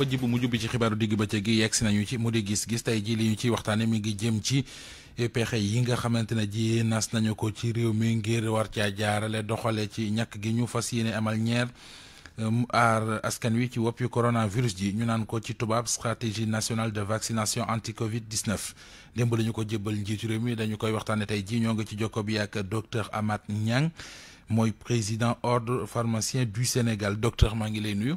pëj bu mujj bi ci xibaaru digg bëccëg gi yegg nañu ci mu di gis-gis tay ji li ñu ciy waxtaane mi ngi jëm ci pexe yi nga xamantene ji nas nañu ko ci réew mi ngir war caa jaarale doxale ci ñak gi ñu fasiyene amal ñeer um, ar askan wi ci wopi coronavirus ji ñu naan ko ci tubaab stratégie nationale de vaccination anti Covid 19 démb la ko jébbal njiitu réew mi dañu koy waxtane tay ji ñoo ngi ci jokko bi ak docteur Amath ñang moy président ordre pharmacien du Sénégal docteur maa ngi lay nuyu.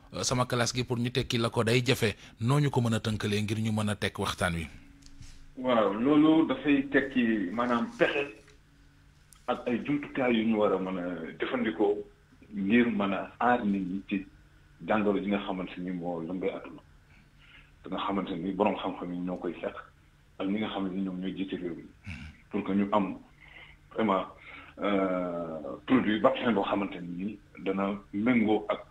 Euh, sama classe gi pour ñu tekki la ko day jafe noo ñu ko mën a tënkalee ngir ñu mën a tekk waxtaan wi. waaw loolu dafay tekki maanaam pexe ak ay jumtukaay yu ñu war a mën a jëfandikoo ngir mën a aar nit ñi ci jàngoro ji nga xamante ni moo lëmbee àdduna da nga xamante boroom xam-xam yi ñoo koy fekk ak ñi nga xam ñoom ñooy jiite réew mm-hmm. pour que ñu am vraiment euh, produit vaccin boo xamante ni dana méngoo ak.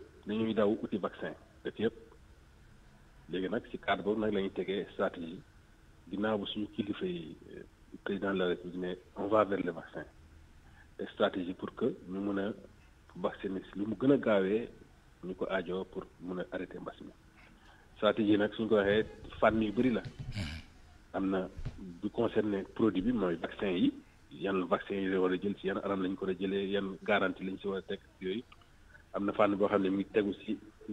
dañuy daw uti vaccin def yëpp léegi nag si cadre boobu nag la ñuy tegee stratégie ginnaaw bu suñu kilifa yi euh, président de la république ne on va vers le vaccin et stratégie pour que ñu mën a vacciner si lu mu gën a gaawee ñu ko aajoo pour mën a arrêter mbas mi stratégie nag suñ ko waxee fànn yu bëri la mm-hmm. am na bu concerné produit bi mooy vaccin yi yan vaccin yi war a jël si yan anam lañ ko war a jëlee yan garantie lañ si war a teg yooyu am na fànn boo xam ne mi ngi tegu si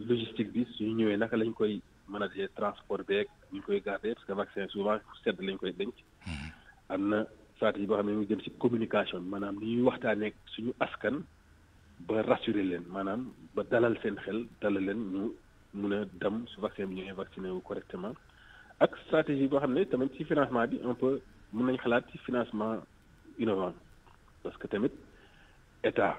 logistique bi suñu ñëwee naka lañ koy manager transport beeg ñu koy garder parce que vaccin souvent sedd lañ koy denc. Mm-hmm. am na stratégie boo xam ne mi jëm si communication maanaam ni ñuy waxtaanee suñu askan ba rassurer leen maanaam ba dalal seen xel dalal leen ñu mun a dem su vaccin bi ñëwee vacciné wu correctement ak stratégie boo xam ne tamit ci financement bi un peu mun nañ xalaat ci financement innovant parce que tamit état.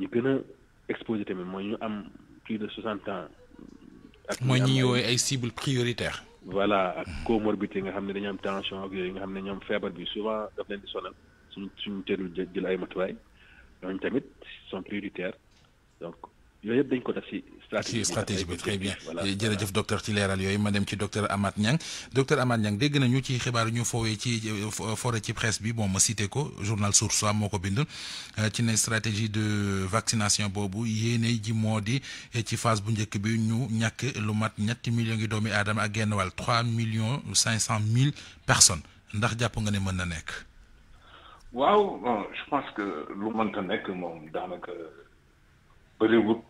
ñi gën exposer exposé tamit plus de 60 ans. Moi mooy ñi cibles prioritaires. voilà ak comorbidité nga xam dañu am tension ak souvent sont prioritaires donc yooyu yëpp dañ ko def ci stratégie stratégie bi très bien jërëjëf docteur ci leeral yooyu ma dem ci docteur Amath Niang docteur Amath Niang dégg nañu ci xibaar ñu foowee ci euh, foré ci presse bi bon ma cité ko journal Source A moo ko bind euh, ci ne stratégie de vaccination boobu yéene ji moo di eh, ci phase bu njëkk bi ñu ñàkk lu mat ñetti millions ngi doomi aadama ak genn wàll trois millions cinq cent mille personnes ndax jàpp nga ne mën na nekk waaw bon je pense que lu mënta nekk moom daanaka bëriwut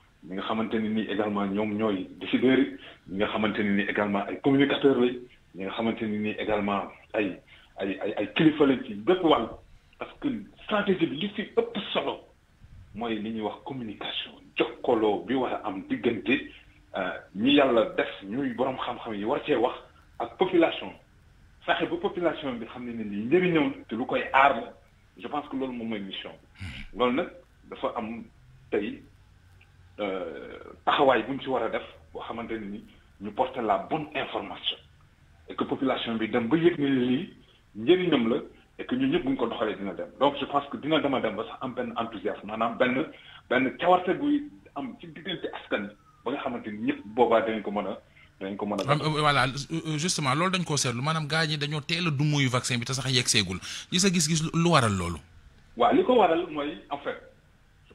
ñi nga xamante ni également ñoom décideurs yi ni également communicateurs nous ni également ay ay parce que stratégie bi li avons ëpp solo li communication jokkaloo bi am euh, ñi def ñuy borom xam-xam yi war wax population la population bi je pense que loolu moom mission C'est hmm. loolu nag dafa am euh, taxawaay bu ñu ci war a def boo xamante ni ñu porter la bonne information et que population bi dem ba yëg ni lii njëriñam la et que ñun ñëpp buñ ko doxalee dina dem donc je pense que dina dema dem ba sax am benn enthousiasme maanaam benn benn cawarte buy am ci diggante askan ba nga xamante ni ñëpp boobaa dañ ko mën a dañ ko mën euh, voilà euh, justement loolu dañ ko seetlu maanaam gars ñi dañoo teel a du muy vaccin bi te sax yegg gis li gis-gis lu waral loolu waaw li ko waral mooy en fait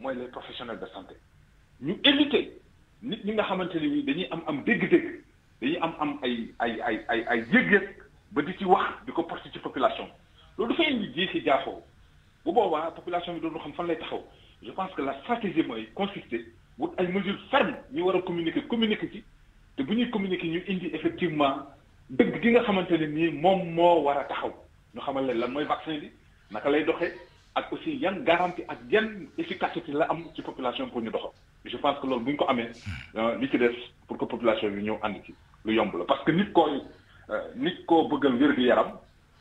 mooy les professionnels de santé ñu éviter nit ñi nga xamante ni dañuy am am dégg-dégg dañuy am am ay ay ay ay ay yëg-yëg ba di ci wax di ko porter ci population loolu dafay indi ji si jaafoo bu boobaa population bi doon xam fan lay taxaw je pense que la stratégie mooy consister wut ay mesures fermes ñu war a communiquer communiquer ci te bu ñuy communiquer ñu indi effectivement dëgg gi nga xamante ni nii moom moo war a taxaw ñu xamal leen lan mooy vaccin bi naka lay doxee ak aussi yan garantie ak yan efficacité la am ci population pour ñu doxal je pense que loolu bu ñu ko amee hmm. euh, li ci des pour que population bi ñëw ànd ci lu yomb la parce que nit koy euh, nit koo bëggal wér gi yaram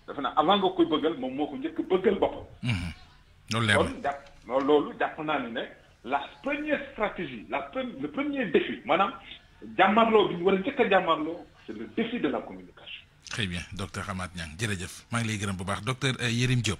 dafa avant nga koy bëggal moom moo ko njëkk bëggal boppam hmm. loolu leer kon loolu jàpp naa ne la première stratégie la le premier défi Madame, jàmmarloo bi ñu war a njëkk c'est le défi de la communication très bien docteur Amath Niang jërëjëf maa ngi lay gërëm bu baax docteur euh, Yérim Diop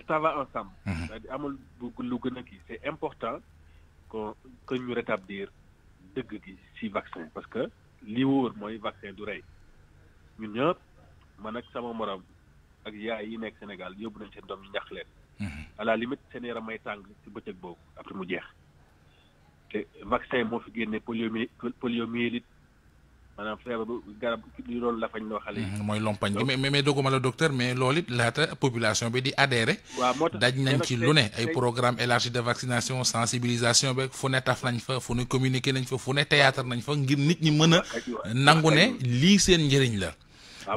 ça va ensemble. Mhm. c'est-à-dire amul lu gën a c'est important que que ñu rétablir dëgg gi ci vaccin parce que li wóor mooy vaccin du rey ñun ñëpp man ak sama morom ak yaay yi nekk Sénégal yóbbu nañ seen doom ñax leen. Mhm. à la limite seen yaram may tàng ci bëccëg boobu après mu jeex te vaccin moo fi génne polio poliomyélite maanaam feebar bu garab di loolu la fañ loo xale yi. Mm, mooy lompañ gi mais mais dogguma la docteur mais loolu it laata population bi di adhéré. waaw moo tax daj nañ ci lu ne ay programme élargi de vaccination sensibilisation beeg fu ne taf nañ fa fu ne communiquer nañ fa fu ne théâtre nañ fa ngir nit ñi mën a. nangu ne lii seen njëriñ la.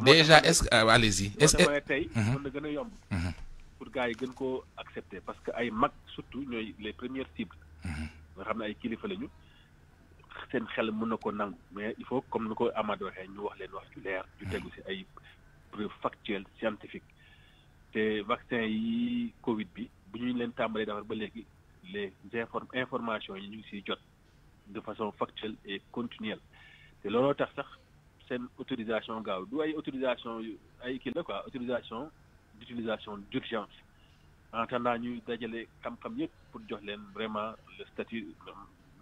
déjà est-ce que ah, allez-y. est-ce que tey mm-hmm. mën gën a yomb. Mm-hmm. pour gars yi gën koo accepter parce que ay mag surtout ñooy les premières cibles. Mm-hmm. nga xam ne ay kilifa lañu seen xel mën na ko nangu mais il faut comme ni ko Amadou waxee ñu wax leen wax ju leer ju tegu ci ay preuve factuelle scientifique te vaccin yi Covid bi bu ñu leen tàmbalee defar ba léegi les inform informations yi ñu ngi siy jot de façon factuelle et continuelle te looloo tax sax seen autorisation gaaw du ay autorisation ay kii la quoi autorisation d'utilisation d'urgence en attendant ñuy dajale xam-xam yëpp pour jox leen vraiment le statut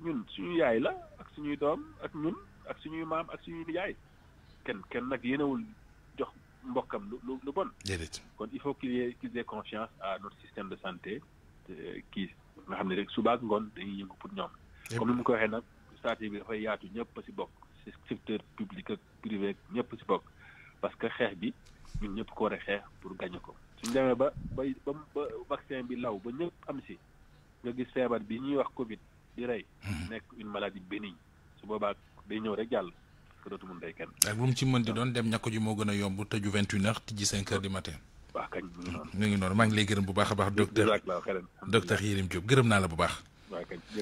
ñun suñu yaay la ak suñuy doom ak ñun ak suñuy maam ak suñuy yaay kenn kenn nag yéenewul jox mbokkam lu lu lu bon. kon il faut qu'il y ait qu'ils confiance à notre système de santé kii nga xam ne rek suba ak ngoon dañuy yëngu pour ñoom. comme ni mu ko waxee nag stratégie bi dafay yaatu ñëpp a si bokk secteur public ak privé ñëpp si bokk parce que xeex bi ñun ñëpp ko war a xeex pour gagné ko. suñu demee ba ba ba vaccin bi law ba ñëpp am si nga gis feebar bi ñuy wax Covid. di rey. Mhm. nekk une maladie bénigne su boobaa day ñew rek jàll ko dootu mun rey kenn. ak bu mu ci mën di doon dem ñàkk ji moo gën a yomb tëju vingt une heures tijji cinq heures du matin. waaw kañ mu ngi non mu ngi lay gërëm bu baax baax. docteur docteur Yérim Diop gërëm na la bu baax.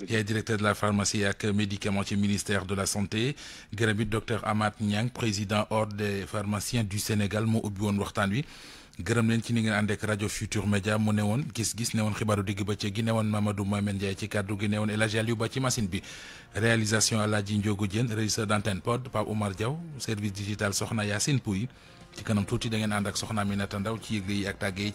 yaay directeur de la pharmacie ak médicament ci ministère de la santé gërëm it docteur Amath Niang président ordre des pharmaciens du Sénégal moo ubbi woon waxtaan wi. gërëm leen ci li ngeen ànd ak rajo Futur Media mu ne woon gis-gis ne woon xibaaru digg bëccëg gi ne woon Mamadou Mohamed Ndiaye ci kàddu gi ne woon Ba ci machine bi réalisation la Hadj Ndiogou Diène régisseur d'antenne pod Pape Oumar Diaw service digital Soxna Yacine Pouy ci kanam tuuti da ngeen ànd ak Soxna Aminata Ndaw ci yëgle yi ak tàgge